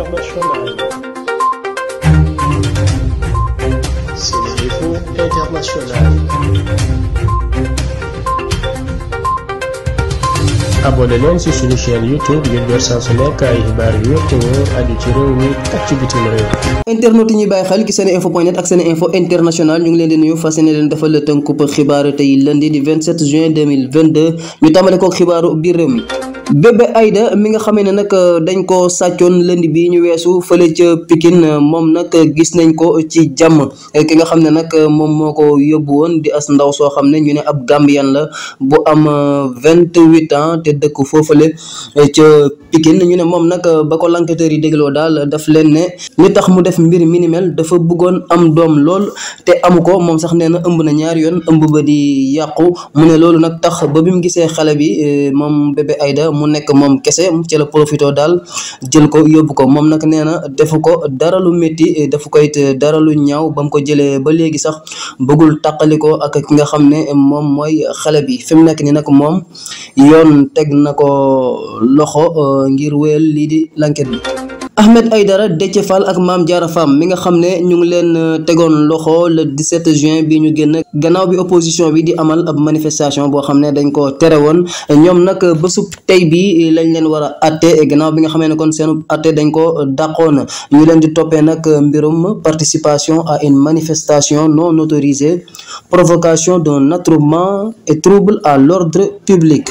internationale. Sénéinfo International. abonné leen ci suñu chaîne YouTube ngir jot saa su info net ak seen info international ñu ngi leen di nuyu fas yéene leen defal la tënku xibaar tey lundi di 27 juin ñu tàmbale ko xibaaru biir réew mi. Bébé ayda mi nga xamee ne nag euh, dañ ko sàccoon lënd bi ñu weesu fële ca Pikine euh, moom nag euh, gis nañ ko ci jàmm ki nga xam ne nag moom moo ko yóbbu woon di as ndaw soo xam ne ñu ne ab Gambien la bu am vingt-huit ans te dëkk foofale ca Pikine ñu ne moom nag ba ko enquêteurs yi dégloo daal daf leen ne li tax mu def mbir mi dafa buggoon am doom lool te amu ko moom sax nee na ëmb na ñaari yoon ëmb ba di yàqu mu ne loolu nag tax ba bi mu gisee xale bi moom Bébé ayda mu nekk moom kese ci la profito daal jël ko yóbbu ko moom nag nee na defu ko dara lu métti defu koy it dara lu ñaaw ba ko jëlee ba léegi sax bëggul tàqalikoo ak ki nga xam ne moom mooy xale bi fi mu nekk ni nag moom yoon teg na ko loxo ngir wéyal lii di lanket bi Ahmed Aïdara Déthié Fall ak Mame Diarra Fam mi nga xam ne ñu ngi leen euh, tegoon loxo le 17 juin bi ñu génn gannaaw bi opposition bi di amal ab manifestation boo xam ne dañ ko tere woon ñoom nag euh, bésub tey bi euh, lañ leen war a atte gannaaw bi nga xamee ne kon seen atte dañ ko dàqoon ñu leen di toppee nag mbirum participation à une manifestation non autorisée provocation d'un attroupement et trouble à l'ordre public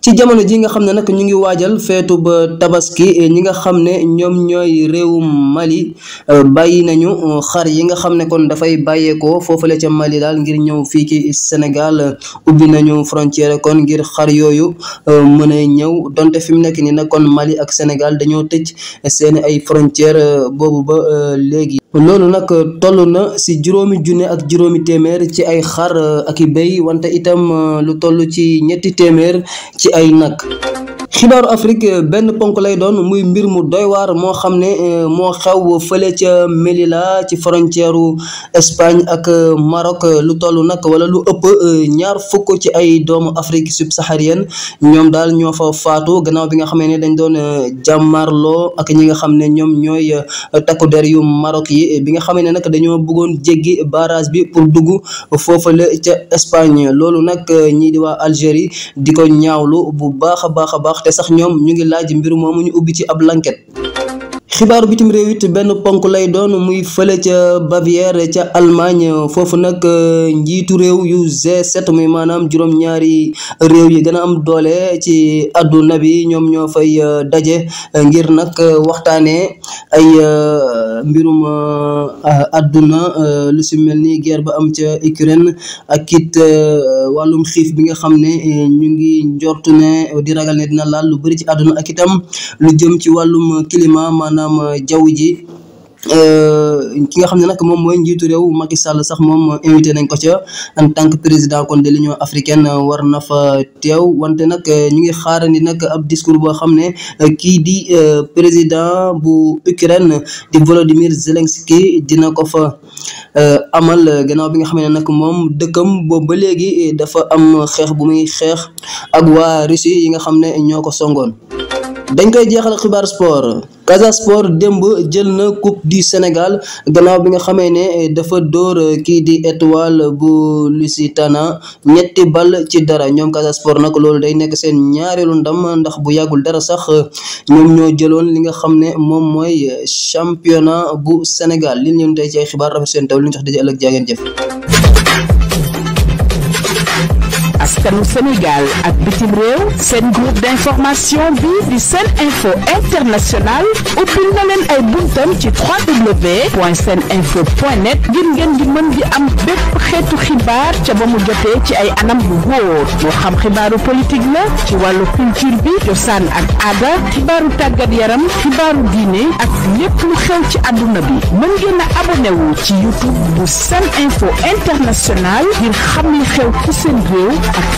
ci jamono ji nga xam ne nag ñu ngi waajal feetu ba tabaski ñi nga xam ne ñoom ñooy réewum Mali euh, bàyyi nañu euh, xar yi nga xam ne kon dafay bàyyeekoo foofu foofale ca Mali daal ngir ñëw fii ci Sénégal euh, ubbi nañu frontière kon ngir xar yooyu mën a ñëw donte fi mu nekk nii nag kon Mali ak Sénégal dañoo tëj seeni ay frontière boobu ba léegi loolu nag toll na si juróomi junne ak juróomi téeméer ci ay xar ak i béy wante itam lu toll ci ñetti téeméer ci ci ay nag xibaaru Afrique benn ponk lay doon muy mbir mu doy waar moo xam ne eh, moo xew fële ca Melilla ci frontière Espagne ak eh, Maroc lu toll nag wala lu ëpp eh, ñaar fukk ci ay doomu Afrique subsaharienne ñoom daal ñoo fa faatu gannaaw bi nga xamee ne dañ doon jàmmarloo ak ñi nga xam ne ñoom ñooy takku der yu Maroc yi bi nga xamee ne nag dañoo bëggoon jéggi barrage bi pour dugg foofale ca Espagne loolu nag ñii di Algérie di ko ñaawlu bu baax a baax a baax te sax ñoom ñu ngi laaj mbir moomu ñu ubbi ci ab lanket xibaaru bitim réew benn ponk lay doon muy fële ca Bavière ca Allemagne foofu nag euh, njiitu réew yu G7 muy maanaam juróom-ñaari réew yi gën am doole ci àdduna bi ñoom ñoo fay euh, daje ngir nag euh, waxtaanee ay euh, mbirum euh, ah, àdduna euh, lu si mel ni guerre ba am ca Ukraine ak it wàllum xiif bi nga xam ne eh, ñu ngi njortu ne eh, di ragal ne dina laal lu bëri ci àdduna ak itam lu jëm ci wàllum climat maanaam jaww ji Euh, ki nga xam ne nag moom mooy njiitu réew Macky Sall sax moom invité nañ ko ca en tant que président kon de l'Union africaine war na fa teew wante nag euh, ñu ngi xaarandi nag ab discours boo xam ne euh, kii di président bu Ukraine di Volodymyr Zelensky dina ko fa amal ganaaw bi nga xam ne nag moom dëkkam boobu ba léegi dafa am xeex bu muy xeex ak waa Russie yi nga xam ne ñoo ko songoon dañ koy jeexal xibaar sport Casa Sport démb jël na coupe du Sénégal gannaaw bi nga xamee ne eh, dafa dóor eh, kii di étoile bu Lusitana ñetti bal ci dara ñoom Casa Sport nag loolu day nekk seen ñaareelu ndam ndax bu yàggul dara sax eh, ñoom ñoo jëloon li nga xam ne moom mooy championnat bu Sénégal li ñu tey ci ay xibaar rafet seen taw li ñu tax daje ëllëg jaageen jëf askanu Sénégal ak bitim réew seen groupe d'information bi di seen info international ubbil na leen ngir ngeen di mën di am bépp xeetu xibaar ca ba mu jotee ci ay anam bu wóor moo xam xibaaru politique la ci wàllu culture bi cosaan ak aada xibaaru tàggat yaram xibaaru diine ak lépp lu xew ci àdduna bi mën ngeen a ci YouTube bu seen info international ngir xam li xew ci seen réew ak